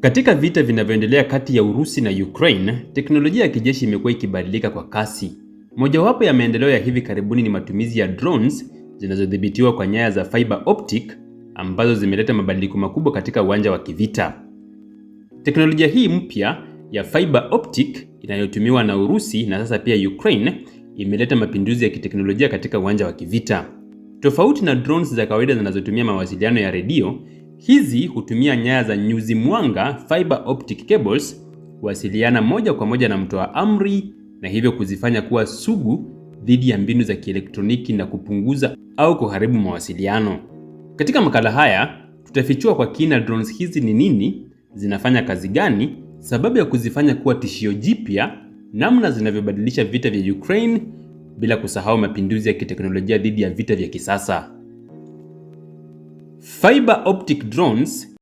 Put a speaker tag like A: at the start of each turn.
A: Katika vita vinavyoendelea kati ya Urusi na Ukraine, teknolojia ya kijeshi imekuwa ikibadilika kwa kasi. Mojawapo ya maendeleo ya hivi karibuni ni matumizi ya drones zinazodhibitiwa kwa nyaya za fiber optic ambazo zimeleta mabadiliko makubwa katika uwanja wa kivita. Teknolojia hii mpya ya fiber optic inayotumiwa na Urusi na sasa pia Ukraine imeleta mapinduzi ya kiteknolojia katika uwanja wa kivita. Tofauti na drones za kawaida zinazotumia mawasiliano ya redio, Hizi hutumia nyaya za nyuzi mwanga fiber optic cables kuwasiliana moja kwa moja na mtoa amri na hivyo kuzifanya kuwa sugu dhidi ya mbinu za kielektroniki na kupunguza au kuharibu mawasiliano. Katika makala haya tutafichua kwa kina drones hizi ni nini, zinafanya kazi gani, sababu ya kuzifanya kuwa tishio jipya, namna zinavyobadilisha vita vya Ukraine, bila kusahau mapinduzi ya kiteknolojia dhidi ya vita vya kisasa.
B: Fiber optic drones